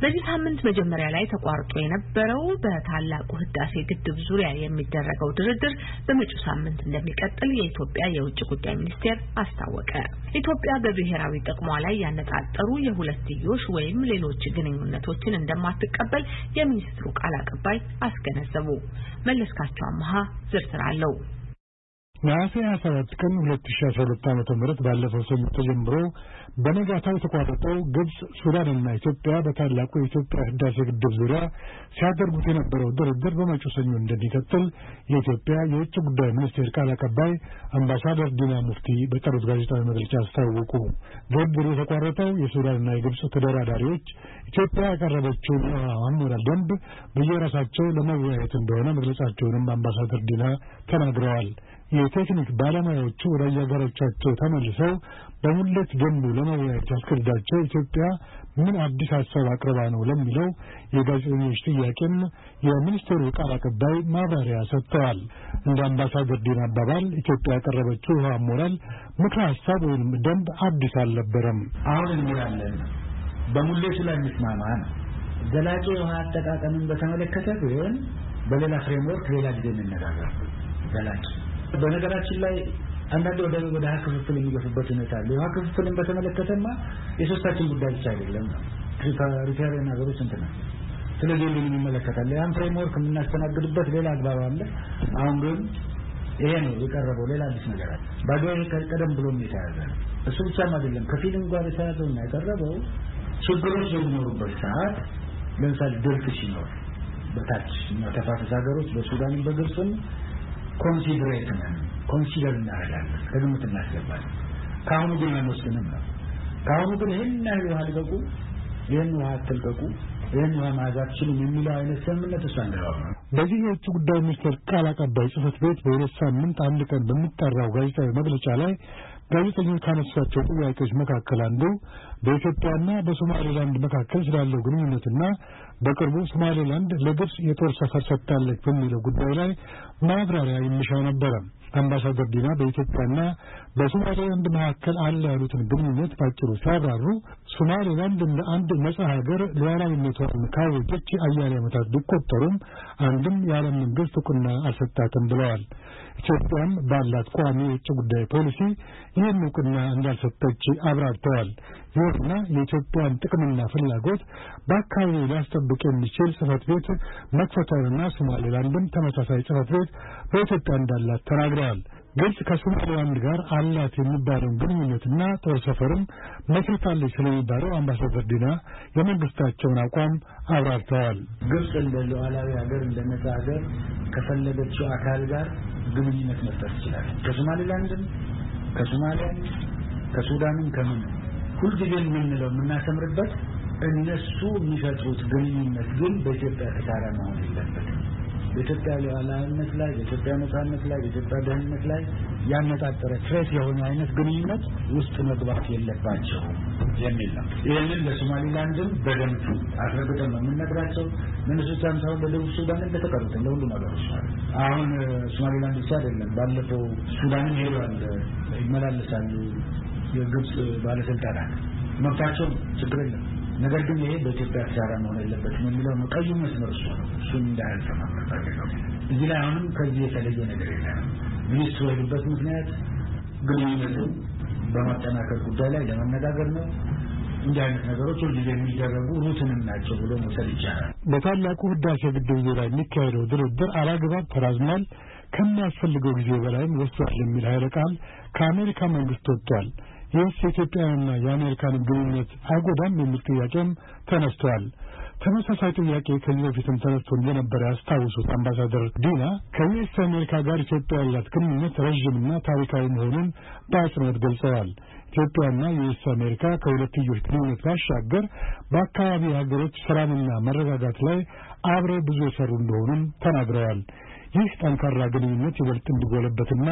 በዚህ ሳምንት መጀመሪያ ላይ ተቋርጦ የነበረው በታላቁ ህዳሴ ግድብ ዙሪያ የሚደረገው ድርድር በመጪው ሳምንት እንደሚቀጥል የኢትዮጵያ የውጭ ጉዳይ ሚኒስቴር አስታወቀ። ኢትዮጵያ በብሔራዊ ጥቅሟ ላይ ያነጣጠሩ የሁለትዮሽ ወይም ሌሎች ግንኙነቶችን እንደማትቀበል የሚኒስትሩ ቃል አቀባይ አስገነዘቡ። መለስካቸው አመሃ ዝርዝር አለው። ነሐሴ 27 ቀን 2012 ዓ ም ባለፈው ሰኞ ተጀምሮ በነጋታው የተቋረጠው ግብፅ፣ ሱዳንና ኢትዮጵያ በታላቁ የኢትዮጵያ ህዳሴ ግድብ ዙሪያ ሲያደርጉት የነበረው ድርድር በመጪው ሰኞ እንደሚቀጥል የኢትዮጵያ የውጭ ጉዳይ ሚኒስቴር ቃል አቀባይ አምባሳደር ዲና ሙፍቲ በጠሩት ጋዜጣዊ መግለጫ አስታወቁ። ድርድሩ የተቋረጠው የሱዳንና የግብፅ ተደራዳሪዎች ኢትዮጵያ ያቀረበችውን የውሃ ደንብ በየራሳቸው ለመወያየት እንደሆነ መግለጻቸውንም አምባሳደር ዲና ተናግረዋል። የቴክኒክ ባለሙያዎቹ ወደ አገሮቻቸው ተመልሰው በሙሌት ደንቡ ለመወያየት ያስገድዳቸው ኢትዮጵያ ምን አዲስ ሀሳብ አቅርባ ነው ለሚለው የጋዜጠኞች ጥያቄም የሚኒስቴሩ ቃል አቀባይ ማብራሪያ ሰጥተዋል። እንደ አምባሳደር ዲን አባባል ኢትዮጵያ ያቀረበችው ውሃ ሞራል ምክረ ሀሳብ ወይም ደንብ አዲስ አልነበረም። አሁን እንላለን በሙሌቱ ላይ የሚስማማ ነው። ዘላቂ የውሃ አጠቃቀምን በተመለከተ ቢሆን በሌላ ፍሬምወርክ ሌላ ጊዜ የምነጋገር ዘላቂ በነገራችን ላይ አንዳንድ ወደ ወደ ሀ ክፍፍል የሚገፉበት ሁኔታ አለ። የውሃ ክፍፍልን በተመለከተማ የሶስታችን ጉዳይ ብቻ አይደለም ነው ነገሮች እንትና ስለዚህ ሁሉንም ይመለከታል። ያን ፍሬምወርክ የምናስተናግድበት ሌላ አግባብ አለ። አሁን ግን ይሄ ነው የቀረበው። ሌላ አዲስ ነገር አለ። ባድዋ ቀደም ብሎ የተያዘ ነው። እሱ ብቻም አይደለም ከፊልም ጋር የተያዘውና ያቀረበው ችግሮች በሚኖሩበት ሰዓት ለምሳሌ ድርቅ ሲኖር በታች እና ተፋሰስ ሀገሮች በሱዳንም በግብፅም ኮንሲደሬት ነን፣ ኮንሲደር እናደርጋለን፣ ከግምት እናስገባለን። ከአሁኑ ግን አንወስንም ነው። ከአሁኑ ግን ይህን ያህል ውሃ ልቀቁ፣ ይህን ውሃ አትልቀቁ ይህን መያዝ አትችሉም የሚለው አይነት ስምምነት እሷ እንዳያወራ በዚህ የውጭ ጉዳይ ሚኒስቴር ቃል አቀባይ ጽህፈት ቤት በሁለት ሳምንት አንድ ቀን በሚጠራው ጋዜጣዊ መግለጫ ላይ ጋዜጠኞች ካነሷቸው ጥያቄዎች መካከል አንዱ በኢትዮጵያና በሶማሌላንድ መካከል ስላለው ግንኙነትና በቅርቡ ሶማሌላንድ ለግብፅ የጦር ሰፈር ሰጥታለች በሚለው ጉዳይ ላይ ማብራሪያ የሚሻ ነበረ። አምባሳደር ዲና በኢትዮጵያና በሶማሌላንድ መካከል አለ ያሉትን ግንኙነት ባጭሩ ሲያብራሩ ሶማሌላንድ እንደ አንድ ነጻ ሀገር ሉዓላዊነቷን ካወጀች አያሌ ዓመታት ቢቆጠሩም አንድም የዓለም መንግስት ዕውቅና አልሰጣትም ብለዋል። ኢትዮጵያም ባላት ቋሚ የውጭ ጉዳይ ፖሊሲ ይህን እውቅና እንዳልሰጠች አብራርተዋል። ይሁንና የኢትዮጵያን ጥቅምና ፍላጎት በአካባቢው ሊያስጠብቅ የሚችል ጽህፈት ቤት መክፈቷንና ሶማሌላንድም ተመሳሳይ ጽህፈት ቤት በኢትዮጵያ እንዳላት ተናግረዋል። ግብጽ ከሶማሌላንድ ጋር አላት የሚባለውን ግንኙነትና ጦር ሰፈርም መስርታለች ስለሚባለው አምባሳደር ዲና የመንግስታቸውን አቋም አብራርተዋል። ግብጽ እንደ ሉዓላዊ ሀገር እንደ ነጻ ሀገር ከፈለገችው አካል ጋር ግንኙነት መፍጠር ትችላለች። ከሶማሌላንድም ከሶማሊያም ከሱዳንም ከምንም ሁልጊዜ የምንለው የምናሰምርበት እነሱ የሚፈጥሩት ግንኙነት ግን በኢትዮጵያ ተቃራኒ መሆን የለበትም። በኢትዮጵያ ሉዓላዊነት ላይ፣ በኢትዮጵያ ነጻነት ላይ፣ በኢትዮጵያ ደህንነት ላይ ያነጣጠረ ትሬት የሆነ አይነት ግንኙነት ውስጥ መግባት የለባቸው የሚል ነው። ይህንን ለሶማሊላንድም በደንብ አስረግጠን ነው የምንነግራቸው። ምንስቻም ሳይሆን በደቡብ ሱዳን እንደተቀሩትን ለሁሉ ነገሮች ማለት አሁን ሶማሊላንድ ብቻ አይደለም። ባለፈው ሱዳንም ሄዷል ይመላለሳሉ የግብፅ ባለስልጣናት መብታቸው ችግር የለም። ነገር ግን ይሄ በኢትዮጵያ ብቻ መሆን የለበትም የሚለው ነው ቀዩ መስመር እሱ ነው። እሱን እንዳያልፈማ እዚህ ላይ አሁንም ከዚህ የተለየ ነገር የለም። ሚኒስትሩ የሄዱበት ምክንያት ግንኙነቱን በማጠናከር ጉዳይ ላይ ለመነጋገር ነው። እንዲህ አይነት ነገሮች ሁልጊዜ የሚደረጉ ሩትንም ናቸው ብሎ መውሰድ ይቻላል። በታላቁ ህዳሴ ግድብ ዙሪያ የሚካሄደው ድርድር አላግባብ ተራዝሟል፣ ከሚያስፈልገው ጊዜ በላይም ወስዷል የሚል ኃይለ ቃል ከአሜሪካ መንግስት ወጥቷል። ይህስ የኢትዮጵያውያንና የአሜሪካንን ግንኙነት አይጎዳም የሚል ጥያቄም ተነስተዋል። ተመሳሳይ ጥያቄ ከዚህ በፊትም ተነስቶ እንደነበረ ያስታውሱት አምባሳደር ዲና ከዩኤስ አሜሪካ ጋር ኢትዮጵያ ያላት ግንኙነት ረዥምና ታሪካዊ መሆኑን በአጽንኦት ገልጸዋል። ኢትዮጵያና ዩኤስ አሜሪካ ከሁለትዮሽ ግንኙነት ባሻገር በአካባቢ ሀገሮች ሰላምና መረጋጋት ላይ አብረው ብዙ የሰሩ እንደሆኑም ተናግረዋል። ይህ ጠንካራ ግንኙነት ይበልጥ እንዲጎለበትና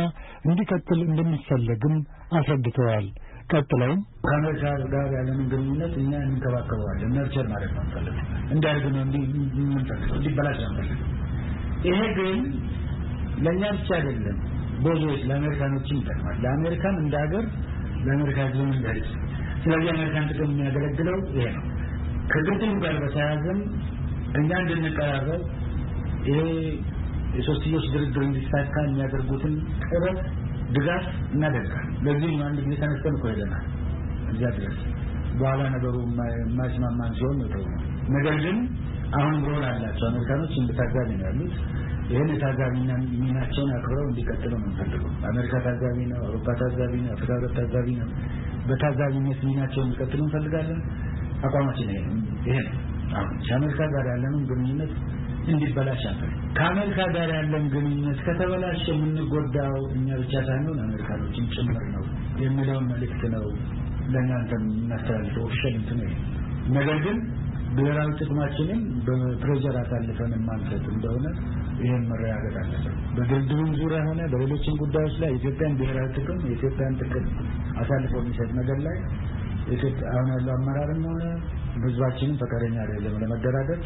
እንዲቀጥል እንደሚፈለግም አስረድተዋል። ቀጥለውም ከአሜሪካ ጋር ያለንን ግንኙነት እኛ እንንከባከበዋለን። ነርቸር ማለት ነው ንፈልግ እንዲያድግ ነው የምንፈልገው፣ እንዲበላሽ ነው ይሄ ግን ለእኛ ብቻ አይደለም፣ ብዙዎች ለአሜሪካኖችም ይጠቅማል። ለአሜሪካን እንደ ሀገር፣ ለአሜሪካ ሕዝብ መንገድ። ስለዚህ አሜሪካን ጥቅም የሚያገለግለው ይሄ ነው። ከግድም ጋር በተያያዘም እኛ እንድንቀራረብ ይሄ የሶስትዮሽ ድርድር እንዲሳካ የሚያደርጉትን ጥረት ድጋፍ እናደርጋል። ለዚህም አንድ ጊዜ ተነስተን እኮ ሄደናል እዚያ ድረስ። በኋላ ነገሩ የማይስማማን ሲሆን ነው። ነገር ግን አሁን ሮል አላቸው አሜሪካኖች እንደታዛቢ ነው ያሉት። ይህን የታዛቢ ሚናቸውን አክብረው እንዲቀጥሉ ነው የምንፈልገው። አሜሪካ ታዛቢ ነው፣ አውሮፓ ታዛቢ ነው፣ አፍሪካ ህብረት ታዛቢ ነው። በታዛቢነት ሚናቸውን እንዲቀጥሉ እንፈልጋለን። አቋማችን ይሄ ነው። አሁን ከአሜሪካ ጋር ያለንም ግንኙነት እንዲበላሽ ከአሜሪካ ጋር ያለን ግንኙነት ከተበላሸ የምንጎዳው እኛ ብቻ ሳይሆን አሜሪካኖችን ጭምር ነው የሚለውን መልእክት ነው ለእናንተ የምናስተላልፈው። ኦፊሻል እንትን ነገር ግን ብሔራዊ ጥቅማችንን በፕሬዘር አሳልፈን ማንሰጥ እንደሆነ ይህን መረጋገጥ አለበት። በድርድሩም ዙሪያ ሆነ በሌሎችም ጉዳዮች ላይ የኢትዮጵያን ብሔራዊ ጥቅም የኢትዮጵያን ጥቅም አሳልፎ የሚሰጥ ነገር ላይ አሁን ያለው አመራርም ሆነ ህዝባችንም ፈቃደኛ አይደለም ለመደራደር።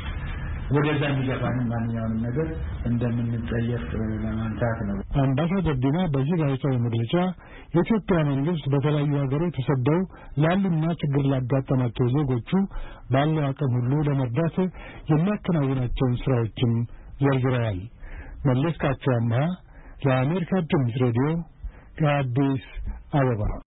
ወደዛ የሚገፋንን ማንኛውንም ነገር እንደምንጠየፍ ለማንሳት ነው። አምባሳደር ዲና በዚህ ጋዜጣዊ መግለጫ የኢትዮጵያ መንግስት በተለያዩ ሀገሮች ተሰደው ላሉና ችግር ላጋጠማቸው ዜጎቹ ባለው አቅም ሁሉ ለመርዳት የሚያከናውናቸውን ስራዎችም ዘርዝረዋል። መለስካቸው አምሃ ለአሜሪካ ድምፅ ሬዲዮ ከአዲስ አበባ